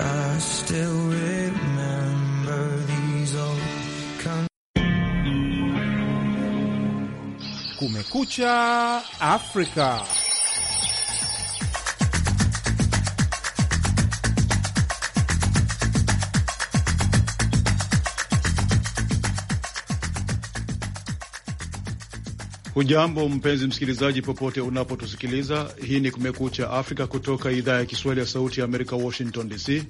I still remember these old Kumekucha Africa. Hujambo mpenzi msikilizaji, popote unapotusikiliza. Hii ni Kumekucha Afrika kutoka idhaa ya Kiswahili ya Sauti ya Amerika, Washington DC.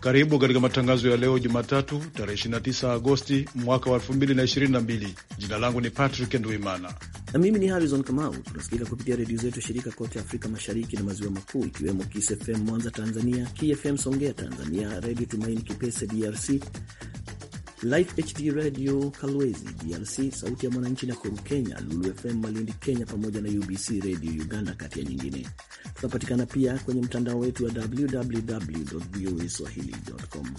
Karibu katika matangazo ya leo Jumatatu, tarehe 29 Agosti mwaka wa 2022. Jina langu ni Patrick Nduimana na mimi ni Harrison Kamau. Tunasikika kupitia redio zetu shirika kote Afrika Mashariki na Maziwa Makuu, ikiwemo KisFM Mwanza Tanzania, KFM Songea Tanzania, Redio Tumaini Kipese DRC, Life HD Radio Kalwezi DRC, Sauti ya Mwananchi na kuru Kenya, Lulu FM Malindi Kenya, pamoja na UBC Radio Uganda, kati ya nyingine. Tunapatikana pia kwenye mtandao wetu wa www voa swahili.com.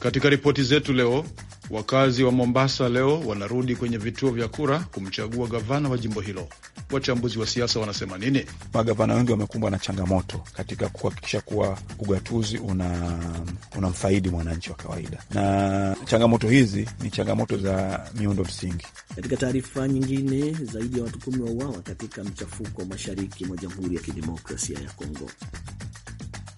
Katika ripoti zetu leo Wakazi wa Mombasa leo wanarudi kwenye vituo vya kura kumchagua gavana wa jimbo hilo. Wachambuzi wa siasa wanasema nini? Magavana wengi wamekumbwa na changamoto katika kuhakikisha kuwa ugatuzi unamfaidi una mwananchi wa kawaida, na changamoto hizi ni changamoto za miundo msingi. Katika taarifa nyingine, zaidi ya watu kumi wauawa katika mchafuko mashariki mwa Jamhuri ya Kidemokrasia ya Kongo.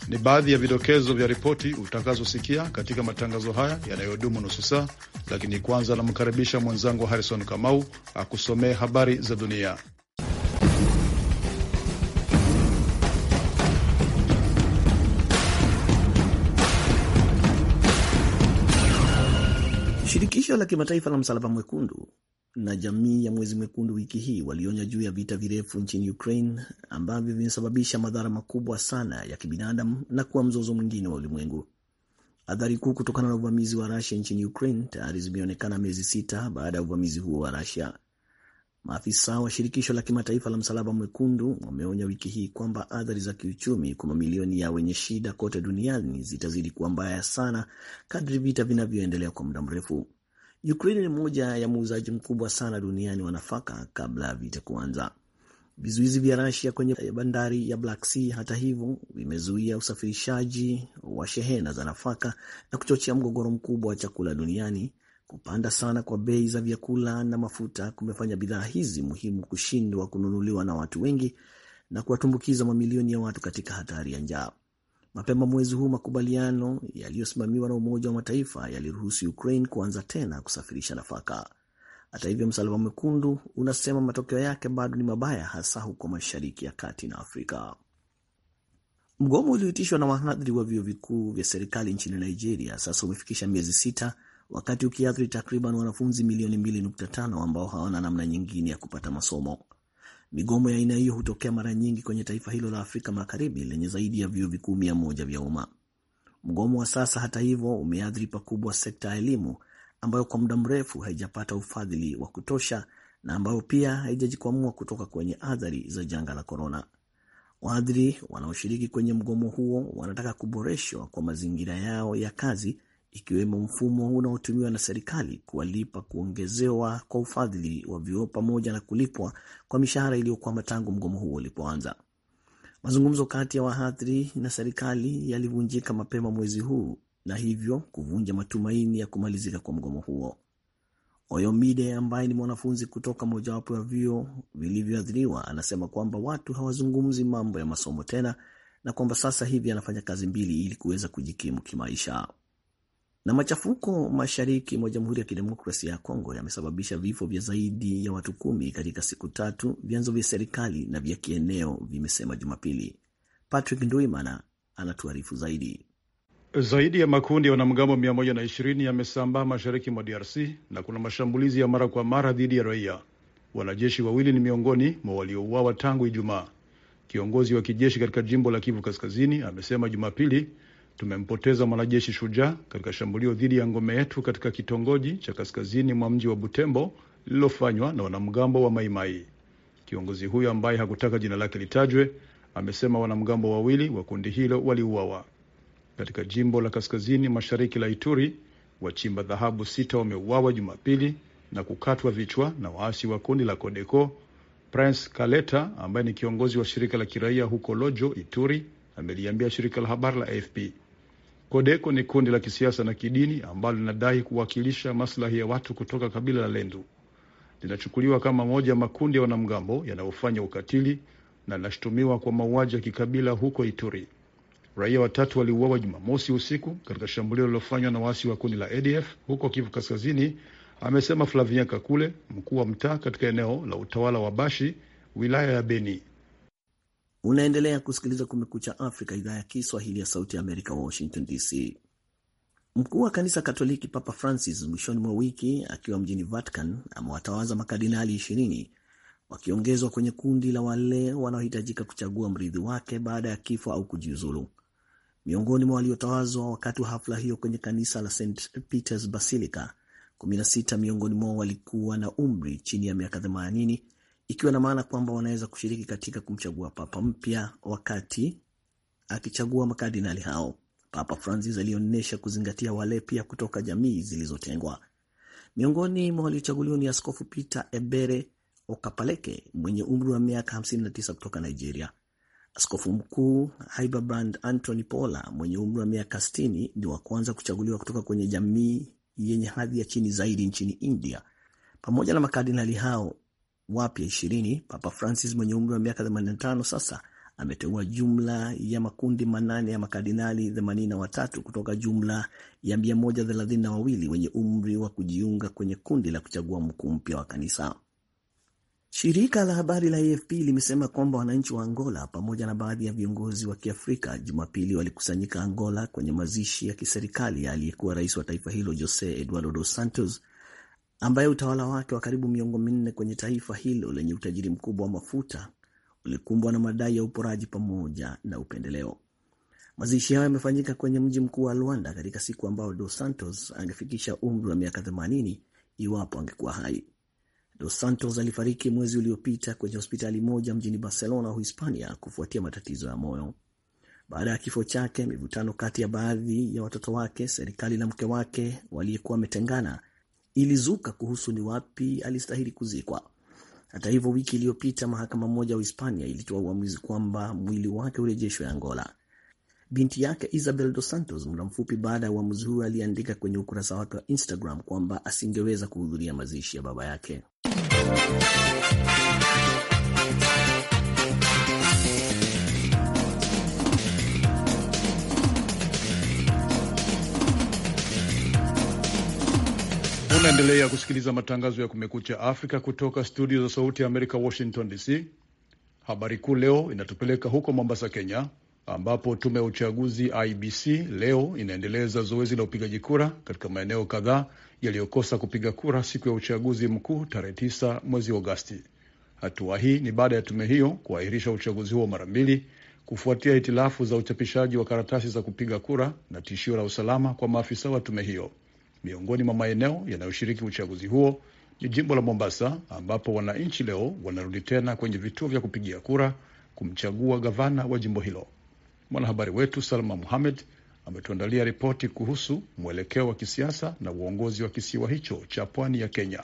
Ni baadhi ya vidokezo vya ripoti utakazosikia katika matangazo haya yanayodumu nusu saa, lakini kwanza anamkaribisha mwenzangu Harrison Kamau akusomee habari za dunia. Shirikisho la kimataifa la Msalaba Mwekundu na jamii ya Mwezi Mwekundu wiki hii walionya juu ya vita virefu nchini Ukraine ambavyo vimesababisha madhara makubwa sana ya kibinadamu na kuwa mzozo mwingine wa ulimwengu. Athari kuu kutokana na uvamizi wa Rusia nchini Ukraine tayari zimeonekana miezi sita baada ya uvamizi huo wa Rusia. Maafisa wa shirikisho la kimataifa la Msalaba Mwekundu wameonya wiki hii kwamba athari za kiuchumi kwa mamilioni ya wenye shida kote duniani zitazidi kuwa mbaya sana kadri vita vinavyoendelea kwa muda mrefu. Ukraine ni moja ya muuzaji mkubwa sana duniani wa nafaka kabla ya vita kuanza. Vizuizi vya Rasia kwenye bandari ya Black Sea, hata hivyo, vimezuia usafirishaji wa shehena za nafaka na kuchochea mgogoro mkubwa wa chakula duniani. Kupanda sana kwa bei za vyakula na mafuta kumefanya bidhaa hizi muhimu kushindwa kununuliwa na watu wengi na kuwatumbukiza mamilioni ya watu katika hatari ya njaa. Mapema mwezi huu makubaliano yaliyosimamiwa na Umoja wa Mataifa yaliruhusu Ukraine kuanza tena kusafirisha nafaka. Hata hivyo, Msalaba Mwekundu unasema matokeo yake bado ni mabaya, hasa huko Mashariki ya Kati na Afrika. Mgomo ulioitishwa na wahadhiri wa vyuo vikuu vya serikali nchini Nigeria sasa umefikisha miezi sita, wakati ukiathiri takriban wanafunzi milioni 2.5 ambao hawana namna nyingine ya kupata masomo. Migomo ya aina hiyo hutokea mara nyingi kwenye taifa hilo la Afrika Magharibi lenye zaidi ya vyuo vikuu mia moja vya umma. Mgomo wa sasa, hata hivyo, umeathiri pakubwa sekta ya elimu ambayo kwa muda mrefu haijapata ufadhili wa kutosha na ambayo pia haijajikwamua kutoka kwenye athari za janga la korona. Waadhiri wanaoshiriki kwenye mgomo huo wanataka kuboreshwa kwa mazingira yao ya kazi ikiwemo mfumo unaotumiwa na serikali kuwalipa kuongezewa kwa ufadhili wa vyuo pamoja na kulipwa kwa mishahara iliyokwama tangu mgomo huo ulipoanza. Mazungumzo kati ya wahadhiri na serikali yalivunjika mapema mwezi huu na hivyo kuvunja matumaini ya kumalizika kwa mgomo huo. Oyomide ambaye ni mwanafunzi kutoka mojawapo ya vyuo vilivyoathiriwa anasema kwamba watu hawazungumzi mambo ya masomo tena na kwamba sasa hivi anafanya kazi mbili ili kuweza kujikimu kimaisha na machafuko mashariki mwa Jamhuri ya Kidemokrasia ya Kongo yamesababisha vifo vya zaidi ya watu kumi katika siku tatu, vyanzo vya serikali na vya kieneo vimesema Jumapili. Patrick Ndwimana anatuarifu zaidi. Zaidi ya makundi ya wanamgambo 120 yamesambaa mashariki mwa DRC na kuna mashambulizi ya mara kwa mara dhidi ya raia. Wanajeshi wawili ni miongoni mwa waliouawa tangu Ijumaa. Kiongozi wa kijeshi katika jimbo la Kivu Kaskazini amesema Jumapili Tumempoteza mwanajeshi shujaa katika shambulio dhidi ya ngome yetu katika kitongoji cha kaskazini mwa mji wa Butembo lililofanywa na wanamgambo wa Maimai. Kiongozi huyo ambaye hakutaka jina lake litajwe amesema wanamgambo wawili wa kundi hilo waliuawa. Katika jimbo la kaskazini mashariki la Ituri, wachimba dhahabu sita wameuawa Jumapili na kukatwa vichwa na waasi wa kundi la codeco Prince Kaleta ambaye ni kiongozi wa shirika la kiraia huko Lojo, Ituri, ameliambia shirika la habari la AFP. Kodeko ni kundi la kisiasa na kidini ambalo linadai kuwakilisha maslahi ya watu kutoka kabila la Lendu. Linachukuliwa kama moja ya makundi ya wanamgambo yanayofanya ukatili na linashutumiwa kwa mauaji ya kikabila huko Ituri. Raia watatu waliuawa Jumamosi usiku katika shambulio lililofanywa na waasi wa kundi la ADF huko Kivu Kaskazini, amesema Flavien Kakule, mkuu wa mtaa katika eneo la utawala wa Bashi, wilaya ya Beni. Unaendelea kusikiliza Kumekucha Afrika, idhaa ya Kiswahili ya Sauti ya Amerika, Washington DC. Mkuu wa kanisa Katoliki Papa Francis mwishoni mwa wiki akiwa mjini Vatican amewatawaza makardinali ishirini wakiongezwa kwenye kundi la wale wanaohitajika kuchagua mrithi wake baada ya kifo au kujiuzulu. Miongoni mwa waliotawazwa wakati wa hafla hiyo kwenye kanisa la St Peters Basilica, 16 miongoni mwao walikuwa na umri chini ya miaka 80 ikiwa na maana kwamba wanaweza kushiriki katika kumchagua papa mpya wakati akichagua makardinali hao. Papa Francis alionyesha kuzingatia wale pia kutoka jamii zilizotengwa. Miongoni mwa waliochaguliwa ni Askofu Peter Ebere Okapaleke mwenye umri wa miaka 59 kutoka Nigeria. Askofu Mkuu Hiberbrand Anthony Pola mwenye umri wa miaka 60 ni wa kwanza kuchaguliwa kutoka kwenye jamii yenye hadhi ya chini zaidi nchini India. Pamoja na makardinali hao, wapya ishirini, Papa Francis mwenye umri wa miaka 85 sasa ameteua jumla ya makundi manane ya makardinali 83 kutoka jumla ya 132 wenye umri wa kujiunga kwenye kundi la kuchagua mkuu mpya wa kanisa. Shirika la habari la AFP limesema kwamba wananchi wa Angola pamoja na baadhi ya viongozi wa Kiafrika Jumapili walikusanyika Angola kwenye mazishi ya kiserikali ya aliyekuwa rais wa taifa hilo Jose Eduardo dos Santos ambaye utawala wake wa karibu miongo minne kwenye taifa hilo lenye utajiri mkubwa wa mafuta ulikumbwa na madai ya uporaji pamoja na upendeleo. Mazishi hayo yamefanyika kwenye mji mkuu wa Luanda katika siku ambao Dos Santos angefikisha umri wa miaka 80 iwapo angekuwa hai. Dos Santos alifariki mwezi uliopita kwenye hospitali moja mjini Barcelona, Uhispania, kufuatia matatizo ya moyo. Baada ya kifo chake, mivutano kati ya baadhi ya watoto wake, serikali na mke wake waliyekuwa wametengana ilizuka kuhusu ni wapi alistahili kuzikwa. Hata hivyo, wiki iliyopita mahakama moja hispania ilitoa uamuzi kwamba mwili wake urejeshwe Angola. Binti yake Isabel Dos Santos, muda mfupi baada ya uamuzi huo, aliandika kwenye ukurasa wake wa Instagram kwamba asingeweza kuhudhuria mazishi ya baba yake. Unaendelea kusikiliza matangazo ya Kumekucha Afrika kutoka studio za Sauti ya Amerika, Washington DC. Habari kuu leo inatupeleka huko Mombasa, Kenya, ambapo tume ya uchaguzi IBC leo inaendeleza zoezi la upigaji kura katika maeneo kadhaa yaliyokosa kupiga kura siku ya uchaguzi mkuu tarehe 9 mwezi Agosti. Hatua hii ni baada ya tume hiyo kuahirisha uchaguzi huo mara mbili kufuatia hitilafu za uchapishaji wa karatasi za kupiga kura na tishio la usalama kwa maafisa wa tume hiyo. Miongoni mwa maeneo yanayoshiriki uchaguzi huo ni jimbo la Mombasa, ambapo wananchi leo wanarudi tena kwenye vituo vya kupigia kura kumchagua gavana wa jimbo hilo. Mwanahabari wetu Salma Muhamed ametuandalia ripoti kuhusu mwelekeo wa kisiasa na uongozi wa kisiwa hicho cha pwani ya Kenya.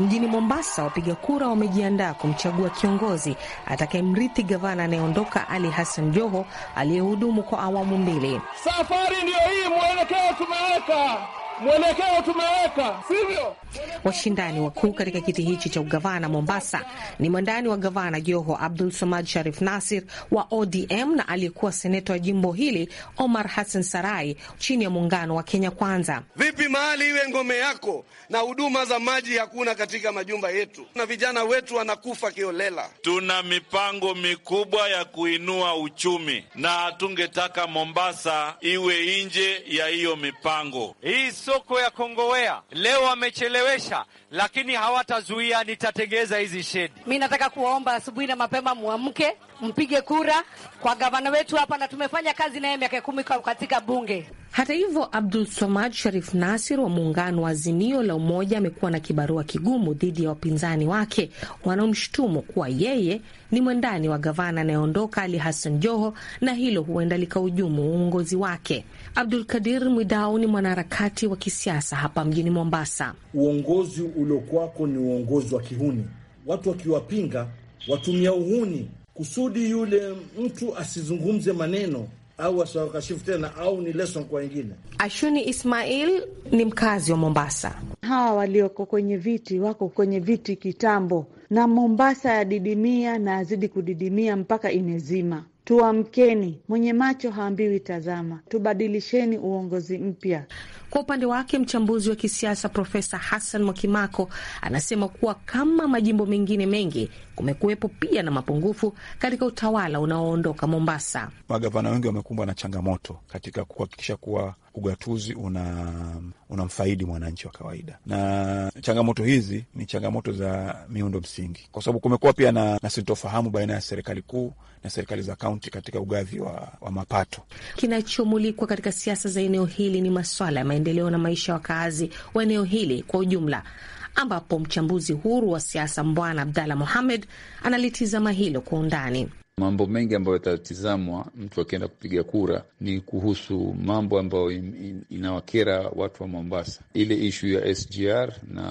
Mjini Mombasa, wapiga kura wamejiandaa kumchagua kiongozi atakayemrithi gavana anayeondoka Ali Hassan Joho aliyehudumu kwa awamu mbili. Safari ndiyo hii, mwelekeo tumeweka mwelekeo tumeweka, sivyo? Washindani wakuu katika kiti hichi cha ugavana Mombasa ni mwandani wa gavana Joho Abdul Samad Sharif Nasir wa ODM na aliyekuwa seneta wa jimbo hili Omar Hassan Sarai chini ya muungano wa Kenya Kwanza. Vipi mahali iwe ngome yako na huduma za maji hakuna katika majumba yetu na vijana wetu wanakufa kiolela? Tuna mipango mikubwa ya kuinua uchumi na hatungetaka Mombasa iwe nje ya hiyo mipango hii masoko ya Kongowea leo wamechelewesha, lakini hawatazuia, nitatengeza hizi shedi. Mi nataka kuwaomba asubuhi na mapema mwamke mpige kura kwa gavana wetu hapa, na tumefanya kazi naye miaka kumi katika bunge. Hata hivyo Abdul Swamad Sharif Nasir wa muungano wa Azimio la Umoja amekuwa na kibarua kigumu dhidi ya wapinzani wake wanaomshutumu kuwa yeye ni mwendani wa gavana anayeondoka Ali Hassan Joho, na hilo huenda likaujumu uongozi wake. Abdul Kadir Mwidau ni mwanaharakati wa kisiasa hapa mjini Mombasa. Uongozi uliokuwako ni uongozi wa kihuni, watu wakiwapinga watumia uhuni kusudi yule mtu asizungumze maneno au wasiwe wakashifu tena, au ni leson kwa wengine. Ashuni Ismail ni mkazi wa Mombasa. Hawa walioko kwenye viti wako kwenye viti kitambo, na Mombasa yadidimia na yazidi kudidimia mpaka imezima. Tuamkeni, mwenye macho haambiwi tazama. Tubadilisheni uongozi mpya. Kwa upande wake mchambuzi wa kisiasa Profesa Hassan Mwakimako anasema kuwa kama majimbo mengine mengi, kumekuwepo pia na mapungufu katika utawala unaoondoka Mombasa. Magavana wengi wamekumbwa na changamoto katika kuhakikisha kuwa ugatuzi una unamfaidi mwananchi wa kawaida, na changamoto hizi ni changamoto za miundo msingi, kwa sababu kumekuwa pia na, na sintofahamu baina ya serikali kuu na serikali za kaunti katika ugavi wa, wa mapato. Kinachomulikwa katika siasa za eneo hili ni maswala ya maendeleo na maisha ya wakaazi wa eneo hili kwa ujumla ambapo mchambuzi huru wa siasa Mbwana Abdalla Mohamed analitizama hilo kwa undani. Mambo mengi ambayo yatatizamwa mtu akienda kupiga kura ni kuhusu mambo ambayo in, in, inawakera watu wa Mombasa, ile ishu ya SGR na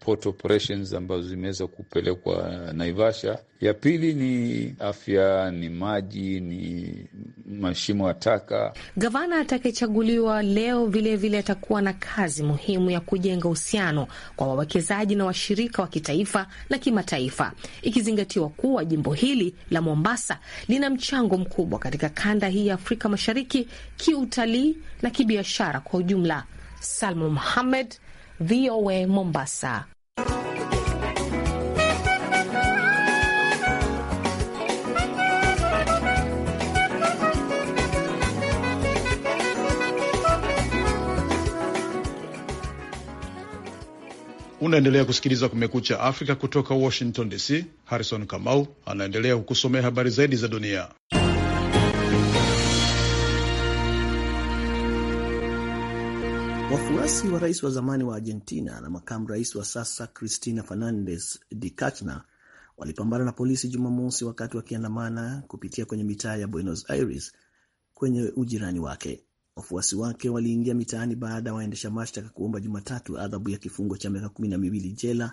port operations ambazo zimeweza kupelekwa Naivasha. Ya pili ni afya, ni maji, ni mashimo ya taka. Gavana atakayechaguliwa leo vilevile vile atakuwa na kazi muhimu ya kujenga uhusiano kwa wawekezaji na washirika wa kitaifa na kimataifa, ikizingatiwa kuwa jimbo hili la Mombasa sasa lina mchango mkubwa katika kanda hii ya Afrika Mashariki kiutalii na kibiashara kwa ujumla. Salma Muhamed, VOA Mombasa. Unaendelea kusikiliza Kumekucha Afrika kutoka Washington DC. Harrison Kamau anaendelea kukusomea habari zaidi za dunia. Wafuasi wa rais wa zamani wa Argentina na makamu rais wa sasa Cristina Fernandez de Kirchner walipambana na polisi Jumamosi wakati wakiandamana kupitia kwenye mitaa ya Buenos Aires kwenye ujirani wake. Wafuasi wake waliingia mitaani baada ya waendesha mashtaka kuomba Jumatatu adhabu ya kifungo cha miaka kumi na miwili jela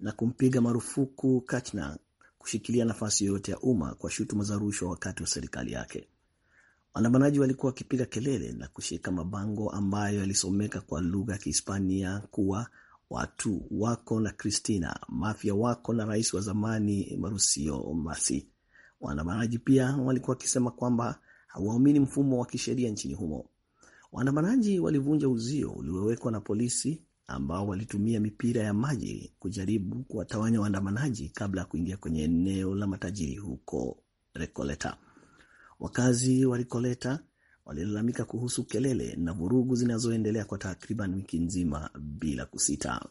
na kumpiga marufuku Kachna kushikilia nafasi yoyote ya umma kwa shutuma za rushwa wakati wa serikali yake. Waandamanaji walikuwa wakipiga kelele na kushika mabango ambayo yalisomeka kwa lugha ya Kihispania kuwa watu wako na Kristina, mafia wako na rais wa zamani Marusio Masi. Waandamanaji pia walikuwa wakisema kwamba hauamini mfumo wa kisheria nchini humo. Waandamanaji walivunja uzio uliowekwa na polisi ambao walitumia mipira ya maji kujaribu kuwatawanya waandamanaji kabla ya kuingia kwenye eneo la matajiri huko Recoleta. Wakazi wa Recoleta walilalamika kuhusu kelele na vurugu zinazoendelea kwa takriban wiki nzima bila kusita.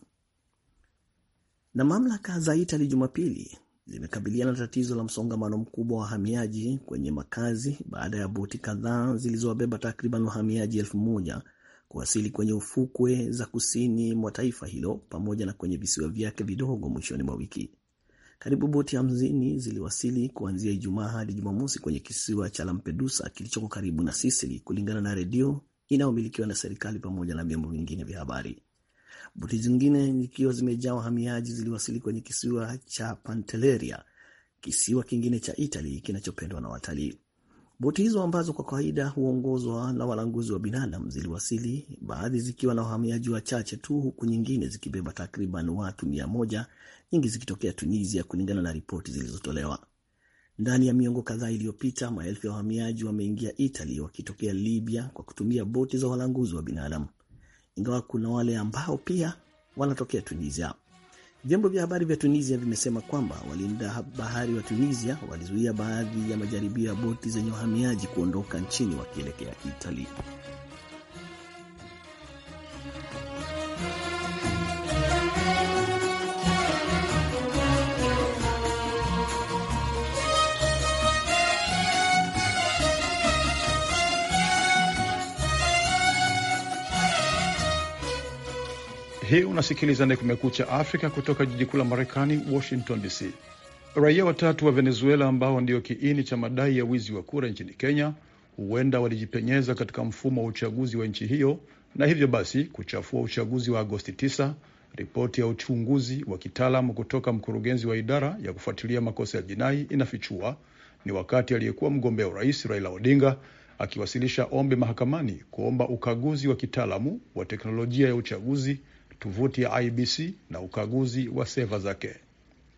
Na mamlaka za Itali Jumapili zimekabiliana na tatizo la msongamano mkubwa wa wahamiaji kwenye makazi baada ya boti kadhaa zilizowabeba takriban wahamiaji elfu moja kuwasili kwenye ufukwe za kusini mwa taifa hilo pamoja na kwenye visiwa vyake vidogo mwishoni mwa wiki. Karibu boti hamsini ziliwasili kuanzia Ijumaa hadi Jumamosi kwenye kisiwa cha Lampedusa kilichoko karibu na Sisili, kulingana na redio inayomilikiwa na serikali pamoja na vyombo vingine vya habari. Boti zingine zikiwa zimejaa wahamiaji ziliwasili kwenye kisiwa cha Pantelleria, kisiwa kingine cha Italy kinachopendwa na watalii. Boti hizo ambazo kwa kawaida huongozwa na walanguzi wa binadamu ziliwasili, baadhi zikiwa na wahamiaji wachache tu, huku nyingine zikibeba takriban watu mia moja, nyingi zikitokea Tunisia, kulingana na ripoti zilizotolewa. Ndani ya miongo kadhaa iliyopita, maelfu ya wahamiaji wameingia Italy wakitokea Libya kwa kutumia boti za walanguzi wa binadamu ingawa kuna wale ambao pia wanatokea Tunisia. Vyombo vya habari vya Tunisia vimesema kwamba walinda bahari wa Tunisia walizuia baadhi ya majaribio ya boti zenye wahamiaji kuondoka nchini wakielekea Italia. Hii unasikiliza ni Kumekucha Afrika kutoka jiji kuu la Marekani, Washington DC. Raia watatu wa Venezuela ambao ndio kiini cha madai ya wizi wa kura nchini Kenya huenda walijipenyeza katika mfumo wa uchaguzi wa nchi hiyo na hivyo basi kuchafua uchaguzi wa Agosti 9. Ripoti ya uchunguzi wa kitaalamu kutoka mkurugenzi wa idara ya kufuatilia makosa ya jinai inafichua ni wakati aliyekuwa mgombea urais Raila Odinga akiwasilisha ombi mahakamani kuomba ukaguzi wa kitaalamu wa teknolojia ya uchaguzi tovuti ya IBC na ukaguzi wa seva zake.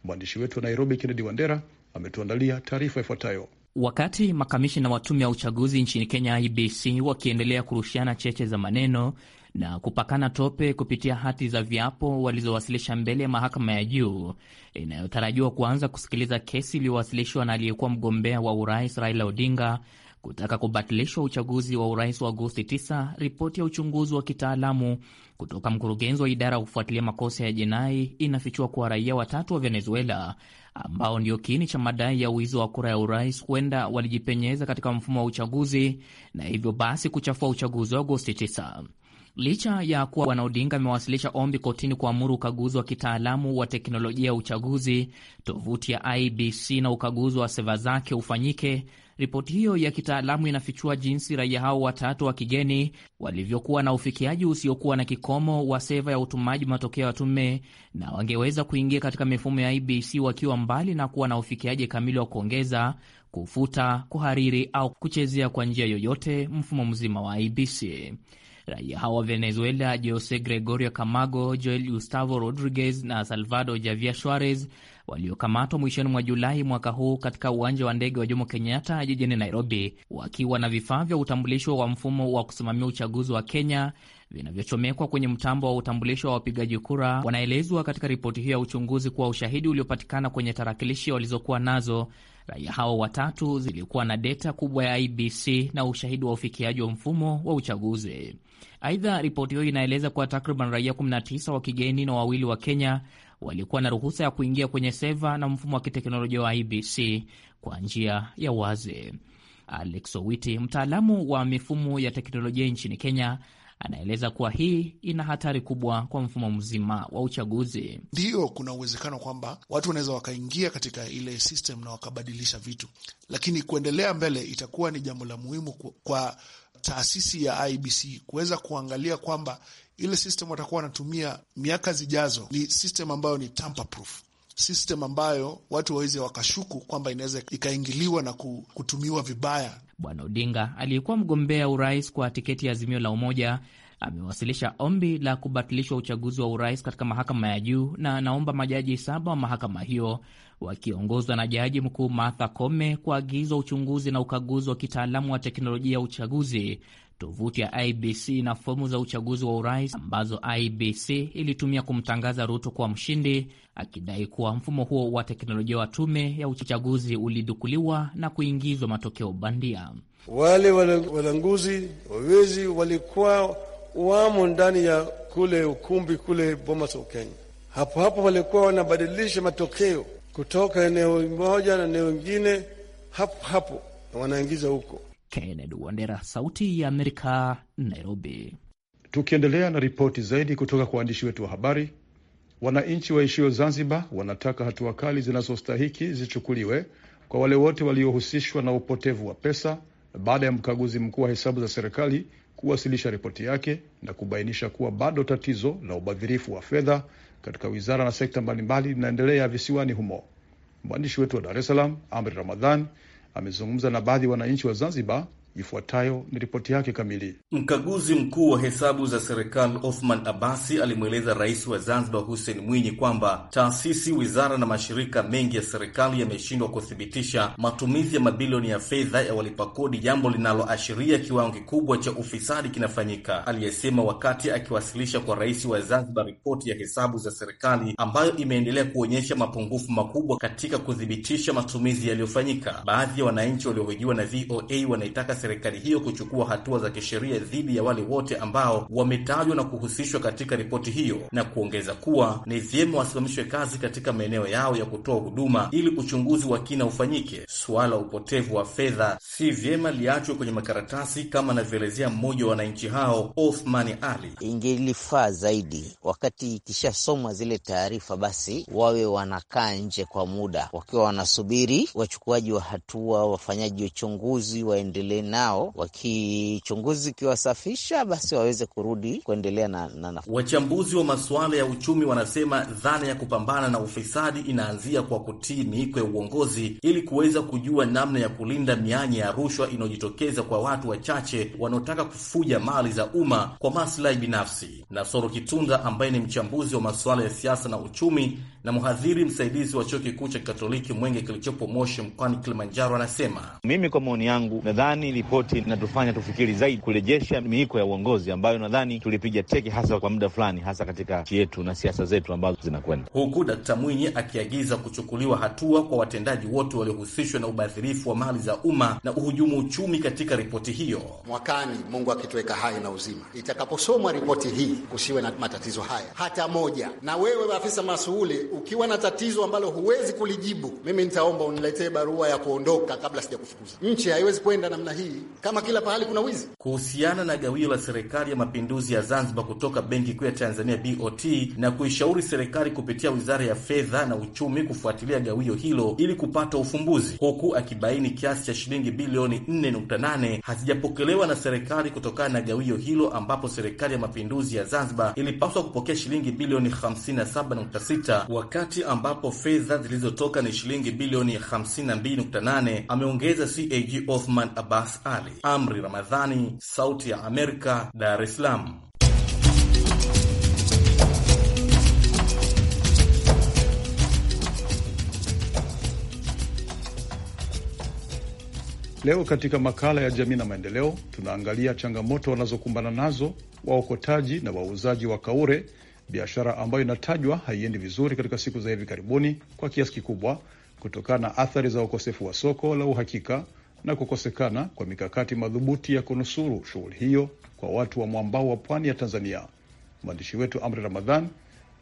Mwandishi wetu wa Nairobi, Kennedy Wandera, ametuandalia taarifa ifuatayo. Wakati makamishina wa tume ya uchaguzi nchini Kenya IBC wakiendelea kurushiana cheche za maneno na kupakana tope kupitia hati za viapo walizowasilisha mbele ya mahakama ya juu inayotarajiwa kuanza kusikiliza kesi iliyowasilishwa na aliyekuwa mgombea wa urais Raila Odinga kutaka kubatilishwa uchaguzi wa urais wa Agosti 9, ripoti ya uchunguzi wa kitaalamu kutoka mkurugenzi wa idara ya kufuatilia makosa ya jinai inafichua kuwa raia watatu wa Venezuela ambao ndio kiini cha madai ya wizi wa kura ya urais huenda walijipenyeza katika mfumo wa uchaguzi na hivyo basi kuchafua uchaguzi wa Agosti 9. Licha ya kuwa Bwana Odinga amewasilisha ombi kotini kuamuru ukaguzi wa kitaalamu wa teknolojia ya uchaguzi, tovuti ya IBC na ukaguzi wa seva zake ufanyike, ripoti hiyo ya kitaalamu inafichua jinsi raia hao watatu wa kigeni walivyokuwa na ufikiaji usiokuwa na kikomo wa seva ya utumaji matokeo ya tume, na wangeweza kuingia katika mifumo ya IBC wakiwa mbali na kuwa na ufikiaji kamili wa kuongeza, kufuta, kuhariri au kuchezea kwa njia yoyote mfumo mzima wa IBC raia hao wa Venezuela Jose Gregorio Camago, Joel Gustavo Rodriguez na Salvador Javier Suarez waliokamatwa mwishoni mwa Julai mwaka huu katika uwanja wa ndege wa Jomo Kenyatta jijini Nairobi, wakiwa na vifaa vya utambulisho wa mfumo wa kusimamia uchaguzi wa Kenya vinavyochomekwa kwenye mtambo wa utambulisho wa wapigaji kura, wanaelezwa katika ripoti hiyo ya uchunguzi kuwa ushahidi uliopatikana kwenye tarakilishi walizokuwa nazo raia hao watatu zilikuwa na deta kubwa ya IBC na ushahidi wa ufikiaji wa mfumo wa uchaguzi. Aidha, ripoti hiyo inaeleza kuwa takriban raia 19 wa kigeni na wawili wa Kenya walikuwa na ruhusa ya kuingia kwenye seva na mfumo wa kiteknolojia wa IBC kwa njia ya wazi. Alex Owiti, mtaalamu wa mifumo ya teknolojia nchini Kenya, anaeleza kuwa hii ina hatari kubwa kwa mfumo mzima wa uchaguzi. Ndiyo, kuna uwezekano kwamba watu wanaweza wakaingia katika ile system na wakabadilisha vitu, lakini kuendelea mbele itakuwa ni jambo la muhimu kwa taasisi ya IBC kuweza kuangalia kwamba ile system watakuwa wanatumia miaka zijazo ni system ambayo ni tamper proof system ambayo watu waweze wakashuku kwamba inaweza ikaingiliwa na kutumiwa vibaya. Bwana Odinga aliyekuwa mgombea urais kwa tiketi ya Azimio la Umoja amewasilisha ombi la kubatilishwa uchaguzi wa urais katika mahakama ya juu, na anaomba majaji saba wa mahakama hiyo wakiongozwa na Jaji Mkuu Martha Koome kuagizwa uchunguzi na ukaguzi wa kitaalamu wa teknolojia ya uchaguzi, tovuti ya IBC na fomu za uchaguzi wa urais ambazo IBC ilitumia kumtangaza Ruto kuwa mshindi, akidai kuwa mfumo huo wa teknolojia wa tume ya uchaguzi ulidukuliwa na kuingizwa matokeo bandia. Wale walanguzi wawezi walikuwa wamo ndani ya kule ukumbi kule Bomas, Kenya. Hapo hapo walikuwa wanabadilisha matokeo kutoka eneo moja na eneo ingine hapo hapo na wanaingiza huko. Kennedy Wandera, Sauti ya Amerika, Nairobi. Tukiendelea na ripoti zaidi kutoka kwa waandishi wetu wa habari, wananchi waishio Zanzibar wanataka hatua kali zinazostahiki zichukuliwe kwa wale wote waliohusishwa na upotevu wa pesa baada ya mkaguzi mkuu wa hesabu za serikali kuwasilisha ripoti yake na kubainisha kuwa bado tatizo la ubadhirifu wa fedha katika wizara na sekta mbalimbali linaendelea visiwani humo. Mwandishi wetu wa Dar es Salaam, Amri Ramadhan, amezungumza na baadhi ya wananchi wa Zanzibar Ifuatayo ni ripoti yake kamili. Mkaguzi mkuu wa hesabu za serikali Othman Abasi alimweleza rais wa Zanzibar Hussein Mwinyi kwamba taasisi, wizara na mashirika mengi ya serikali yameshindwa kuthibitisha matumizi ya mabilioni ya fedha ya walipa kodi, jambo linaloashiria kiwango kikubwa cha ufisadi kinafanyika, aliyesema wakati akiwasilisha kwa rais wa Zanzibar ripoti ya hesabu za serikali ambayo imeendelea kuonyesha mapungufu makubwa katika kuthibitisha matumizi yaliyofanyika. Baadhi ya wananchi waliohojiwa na VOA wanaitaka serikali hiyo kuchukua hatua za kisheria dhidi ya wale wote ambao wametajwa na kuhusishwa katika ripoti hiyo, na kuongeza kuwa ni vyema wasimamishwe kazi katika maeneo yao ya kutoa huduma ili uchunguzi wa kina ufanyike. Suala upotevu wa fedha si vyema liachwe kwenye makaratasi, kama anavyoelezea mmoja wa wananchi hao Othmani Ali. Ingelifaa zaidi wakati ikishasomwa zile taarifa, basi wawe wanakaa nje kwa muda, wakiwa wanasubiri wachukuaji wa hatua, wafanyaji uchunguzi waendelee nao wakichunguzi ikiwasafisha basi waweze kurudi kuendelea na, na, na. Wachambuzi wa masuala ya uchumi wanasema dhana ya kupambana na ufisadi inaanzia kwa kutii miiko ya uongozi ili kuweza kujua namna ya kulinda mianya ya rushwa inayojitokeza kwa watu wachache wanaotaka kufuja mali za umma kwa maslahi binafsi. Nasoro Kitunda ambaye ni mchambuzi wa masuala ya siasa na uchumi na mhadhiri msaidizi wa chuo kikuu cha Kikatoliki Mwenge kilichopo Moshi mkoani Kilimanjaro, anasema mimi kwa maoni yangu nadhani ripoti inatufanya tufikiri zaidi kurejesha miiko ya uongozi ambayo nadhani tulipiga teke hasa kwa muda fulani, hasa katika nchi yetu na siasa zetu ambazo zinakwenda huku. Dkt Mwinyi akiagiza kuchukuliwa hatua kwa watendaji wote waliohusishwa na ubadhirifu wa mali za umma na uhujumu uchumi. Katika ripoti hiyo, mwakani, Mungu akituweka hai na uzima, itakaposomwa ripoti hii, kusiwe na matatizo haya hata moja. Na wewe afisa masuhuli ukiwa na tatizo ambalo huwezi kulijibu, mimi nitaomba uniletee barua ya kuondoka kabla sijakufukuza. Nchi haiwezi kwenda namna hii kama kila pahali kuna wizi. Kuhusiana na gawio la serikali ya mapinduzi ya Zanzibar kutoka Benki Kuu ya Tanzania BOT na kuishauri serikali kupitia Wizara ya Fedha na Uchumi kufuatilia gawio hilo ili kupata ufumbuzi, huku akibaini kiasi cha shilingi bilioni 4.8 hazijapokelewa na serikali kutokana na gawio hilo, ambapo serikali ya mapinduzi ya Zanzibar ilipaswa kupokea shilingi bilioni 57.6 wakati ambapo fedha zilizotoka ni shilingi bilioni 52.8, ameongeza CAG Othman Abbas Ali. Amri Ramadhani, Sauti ya Amerika, Dar es Salaam. Leo katika makala ya jamii na maendeleo tunaangalia changamoto wanazokumbana nazo waokotaji na wauzaji wa kaure biashara ambayo inatajwa haiendi vizuri katika siku za hivi karibuni kwa kiasi kikubwa kutokana na athari za ukosefu wa soko la uhakika na kukosekana kwa mikakati madhubuti ya kunusuru shughuli hiyo kwa watu wa mwambao wa pwani ya Tanzania. Mwandishi wetu Amri Ramadhan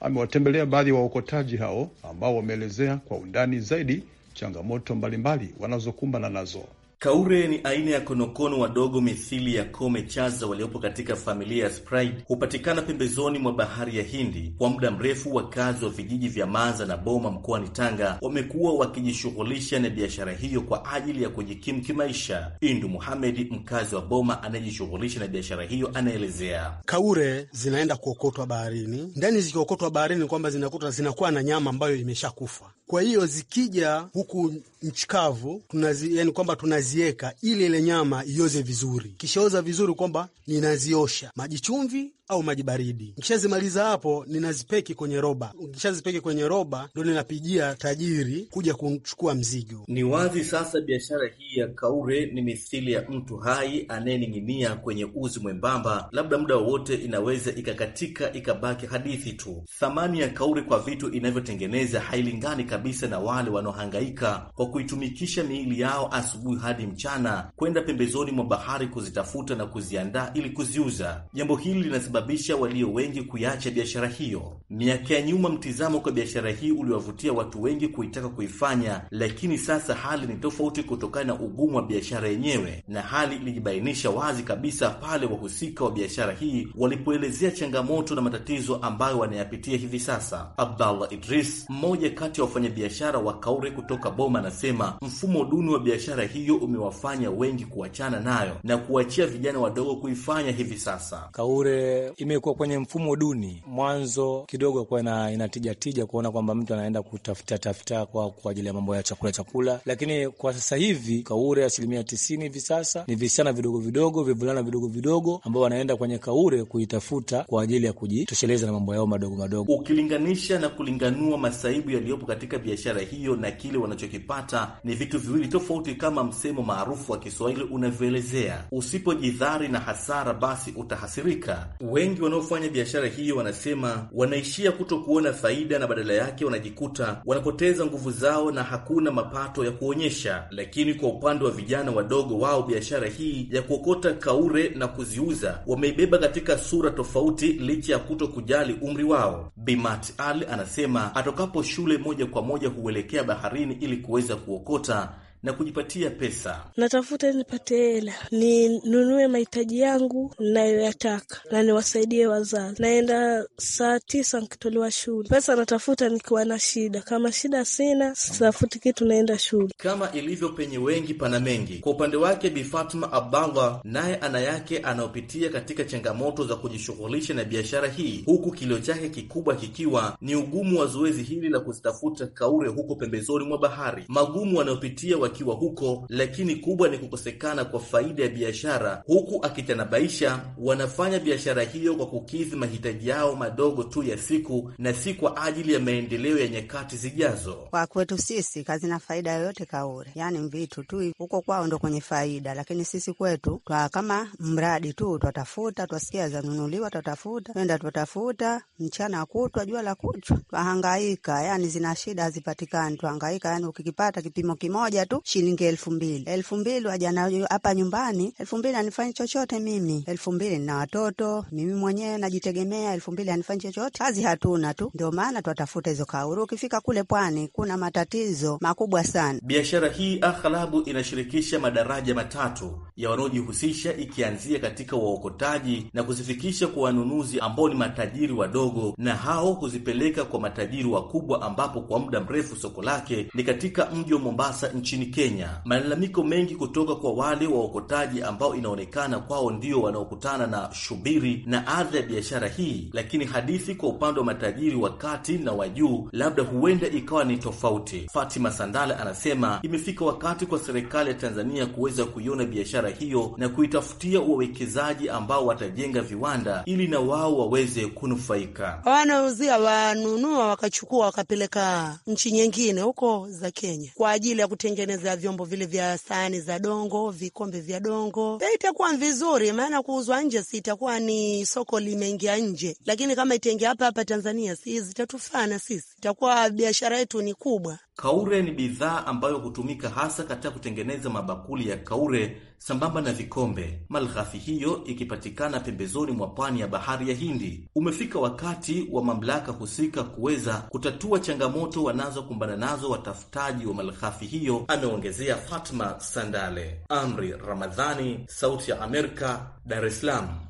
amewatembelea baadhi ya wa waokotaji hao ambao wameelezea kwa undani zaidi changamoto mbalimbali wanazokumbana nazo. Kaure ni aina ya konokono wadogo mithili ya kome chaza waliopo katika familia ya Spride. Hupatikana pembezoni mwa bahari ya Hindi. Kwa muda mrefu, wakazi wa vijiji vya Manza na Boma mkoani Tanga wamekuwa wakijishughulisha na biashara hiyo kwa ajili ya kujikimu kimaisha. Indu Muhamedi, mkazi wa Boma anayejishughulisha na biashara hiyo, anaelezea. Kaure zinaenda kuokotwa baharini, ndani zikiokotwa baharini kwamba zinakuta zinakuwa na nyama ambayo imeshakufa. Kwa hiyo zikija huku nchikavu, yani kwamba tunazi ninazieka ili ile nyama ioze vizuri. Kishaoza vizuri, kwamba ninaziosha maji chumvi au maji baridi. Nikishazimaliza hapo, ninazipeki kwenye roba. Nikishazipeki kwenye roba, ndo ninapigia tajiri kuja kuchukua mzigo. Ni wazi sasa, biashara hii ya kaure ni mithili ya mtu hai anayening'inia kwenye uzi mwembamba, labda muda wowote inaweza ikakatika, ikabaki hadithi tu. Thamani ya kaure kwa vitu inavyotengeneza hailingani kabisa na wale wanaohangaika kwa kuitumikisha miili yao asubuhi hadi mchana, kwenda pembezoni mwa bahari kuzitafuta na kuziandaa ili kuziuza. Jambo hili linasababisha kusababisha walio wengi kuiacha biashara hiyo. Miaka ya nyuma, mtizamo kwa biashara hii uliwavutia watu wengi kuitaka kuifanya, lakini sasa hali ni tofauti kutokana na ugumu wa biashara yenyewe, na hali ilijibainisha wazi kabisa pale wahusika wa biashara hii walipoelezea changamoto na matatizo ambayo wanayapitia hivi sasa. Abdallah Idris, mmoja kati ya wafanyabiashara wa Kaure kutoka Boma, anasema mfumo duni wa biashara hiyo umewafanya wengi kuachana nayo na kuachia vijana wadogo kuifanya hivi sasa. Kaure imekuwa kwenye mfumo duni. Mwanzo kidogo kuwa na inatijatija kuona kwamba mtu anaenda kutafuta tafuta kwa kwa ajili ya mambo ya chakula chakula, lakini kwa sasa hivi kaure asilimia tisini hivi sasa ni visichana vidogo vidogo, vivulana vidogo vidogo ambao wanaenda kwenye kaure kuitafuta kwa ajili ya kujitosheleza na mambo yao madogo madogo. Ukilinganisha na kulinganua masaibu yaliyopo katika biashara hiyo na kile wanachokipata ni vitu viwili tofauti, kama msemo maarufu wa Kiswahili unavyoelezea, usipojidhari na hasara basi utahasirika wengi wanaofanya biashara hiyo wanasema wanaishia kuto kuona faida na badala yake wanajikuta wanapoteza nguvu zao na hakuna mapato ya kuonyesha. Lakini kwa upande wa vijana wadogo, wao biashara hii ya kuokota kaure na kuziuza wameibeba katika sura tofauti, licha ya kuto kujali umri wao. Bimat Al anasema atokapo shule moja kwa moja huelekea baharini ili kuweza kuokota na kujipatia pesa. Natafuta nipate hela ninunue mahitaji yangu nayoyataka na niwasaidie wazazi. Naenda saa tisa nkitolewa shule. Pesa natafuta nikiwa na shida, kama shida sina sitafuti kitu, naenda shule. Kama ilivyo penye wengi, pana mengi. Kwa upande wake, Bi abdalla Abdallah naye ana yake anayopitia katika changamoto za kujishughulisha na biashara hii, huku kilio chake kikubwa kikiwa ni ugumu wa zoezi hili la kuzitafuta kaure huko pembezoni mwa bahari, magumu wanayopitia wakiwa huko, lakini kubwa ni kukosekana kwa faida ya biashara, huku akitanabaisha wanafanya biashara hiyo kwa kukidhi mahitaji yao madogo tu ya siku na si kwa ajili ya maendeleo ya nyakati zijazo. Kwa kwetu sisi kazi na faida yoyote kaure, yani vitu tu huko kwao ndo kwenye faida, lakini sisi kwetu twa kama mradi tu twatafuta, twasikia zanunuliwa, twatafuta twenda, twatafuta mchana kutwa, jua la kuchwa twahangaika, yani zina shida hazipatikani, twahangaika, yani ukikipata kipimo kimoja tu tatu shilingi elfu mbili elfu mbili waja nayo hapa nyumbani, elfu mbili anifanyi chochote mimi, elfu mbili na watoto mimi mwenyewe najitegemea, elfu mbili anifanyi chochote, kazi hatuna tu, ndio maana twatafuta hizo kauru Ukifika kule pwani kuna matatizo makubwa sana. Biashara hii akhlabu inashirikisha madaraja matatu ya wanaojihusisha, ikianzia katika waokotaji na kuzifikisha kwa wanunuzi ambao ni matajiri wadogo, na hao huzipeleka kwa matajiri wakubwa, ambapo kwa muda mrefu soko lake ni katika mji wa Mombasa nchini Kenya, malalamiko mengi kutoka kwa wale waokotaji ambao inaonekana kwao ndio wanaokutana na shubiri na adha ya biashara hii, lakini hadithi kwa upande wa matajiri wa kati na wa juu labda huenda ikawa ni tofauti. Fatima sandale anasema imefika wakati kwa serikali ya Tanzania kuweza kuiona biashara hiyo na kuitafutia wawekezaji ambao watajenga viwanda ili na wao waweze kunufaika. Wanauzia wanunua, wakachukua, wakapeleka nchi nyingine huko za Kenya kwa ajili ya kutengeneza kutengeneza vyombo vile vya sahani za dongo, vikombe vya dongo, pia itakuwa vizuri, maana kuuzwa nje si itakuwa ni soko limeingia nje, lakini kama itaingia hapa hapa Tanzania si zitatufaa na sisi, itakuwa biashara yetu ni kubwa. Kaure ni bidhaa ambayo hutumika hasa katika kutengeneza mabakuli ya kaure sambamba na vikombe. Malighafi hiyo ikipatikana pembezoni mwa pwani ya bahari ya Hindi. Umefika wakati wa mamlaka husika kuweza kutatua changamoto wanazokumbana nazo watafutaji wa malighafi hiyo, ameongezea Fatma Sandale. Amri Ramadhani, Sauti ya Amerika, Dar es Salaam.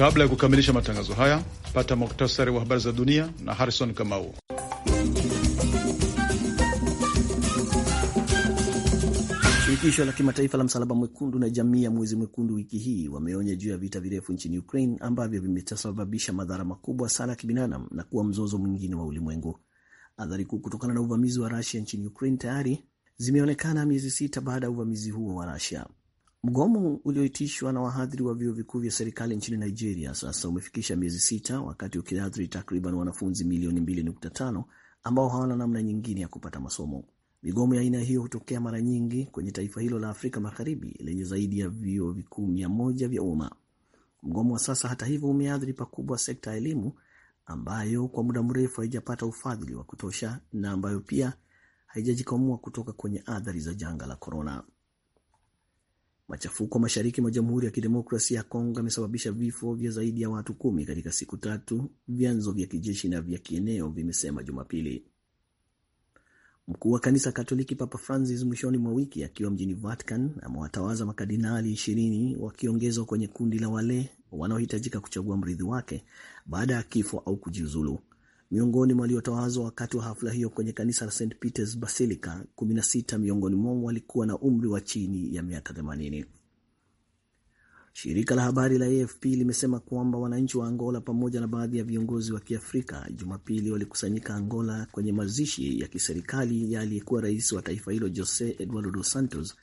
Kabla ya kukamilisha matangazo haya, pata muktasari wa habari za dunia na Harrison Kamau. Shirikisho la kimataifa la Msalaba Mwekundu na jamii ya Mwezi Mwekundu wiki hii wameonya juu ya vita virefu nchini Ukraine ambavyo vimesababisha madhara makubwa sana ya kibinadamu na kuwa mzozo mwingine wa ulimwengu. Athari kuu kutokana na uvamizi wa Rusia nchini Ukraine tayari zimeonekana miezi sita baada ya uvamizi huo wa Rusia. Mgomo ulioitishwa na wahadhiri wa vyuo vikuu vya serikali nchini Nigeria sasa umefikisha miezi sita, wakati ukiathiri takriban wanafunzi milioni 2.5 ambao hawana namna nyingine ya kupata masomo. Migomo ya aina hiyo hutokea mara nyingi kwenye taifa hilo la Afrika Magharibi lenye zaidi ya vyuo vikuu mia moja vya umma. Mgomo wa sasa, hata hivyo, umeathiri pakubwa sekta ya elimu ambayo kwa muda mrefu haijapata ufadhili wa kutosha na ambayo pia haijajikwamua kutoka kwenye athari za janga la korona. Machafuko mashariki mwa Jamhuri ya Kidemokrasia ya Kongo yamesababisha vifo vya zaidi ya watu kumi katika siku tatu, vyanzo vya kijeshi na vya kieneo vimesema Jumapili. Mkuu wa kanisa Katoliki Papa Francis mwishoni mwa wiki akiwa mjini Vatican amewatawaza makardinali ishirini wakiongezwa kwenye kundi la wale wanaohitajika kuchagua mrithi wake baada ya kifo au kujiuzulu. Miongoni mwa waliotawazwa wakati wa hafla hiyo kwenye kanisa la St Peters Basilica, 16 miongoni mwao walikuwa na umri wa chini ya miaka 80. Shirika la habari la AFP limesema kwamba wananchi wa Angola pamoja na baadhi ya viongozi wa Kiafrika Jumapili walikusanyika Angola kwenye mazishi ya kiserikali ya aliyekuwa rais wa taifa hilo Jose Eduardo Dos Santos,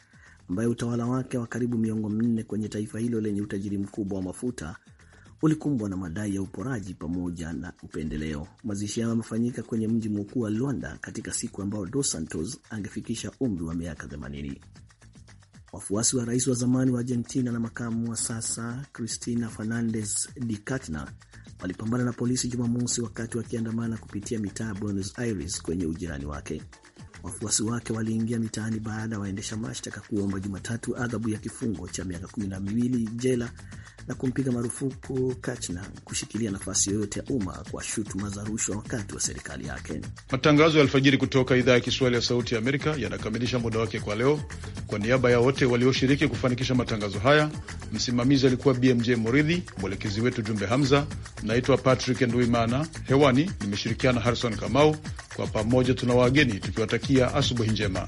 ambaye utawala wake wa karibu miongo minne kwenye taifa hilo lenye utajiri mkubwa wa mafuta ulikumbwa na madai ya uporaji pamoja na upendeleo. Mazishi yao yamefanyika kwenye mji mkuu wa Luanda katika siku ambayo Dos Santos angefikisha umri wa miaka 80. Wafuasi wa rais wa zamani wa Argentina na makamu wa sasa Cristina Fernandez de Kirchner walipambana na polisi Jumamosi wakati wakiandamana kupitia mitaa ya Buenos Aires kwenye ujirani wake. Wafuasi wake waliingia mitaani baada ya waendesha mashtaka kuomba Jumatatu adhabu ya kifungo cha miaka kumi na miwili jela na kumpiga marufuku Kachna kushikilia nafasi yoyote ya umma kwa shutuma za rushwa wakati wa serikali yake. Matangazo ya alfajiri kutoka idhaa ya Kiswahili ya Sauti ya Amerika yanakamilisha muda wake kwa leo. Kwa niaba ya wote walioshiriki kufanikisha matangazo haya, msimamizi alikuwa BMJ Muridhi, mwelekezi wetu Jumbe Hamza. Naitwa Patrick Nduimana, hewani nimeshirikiana Harison Kamau. Kwa pamoja tuna wageni tukiwatakia asubuhi njema.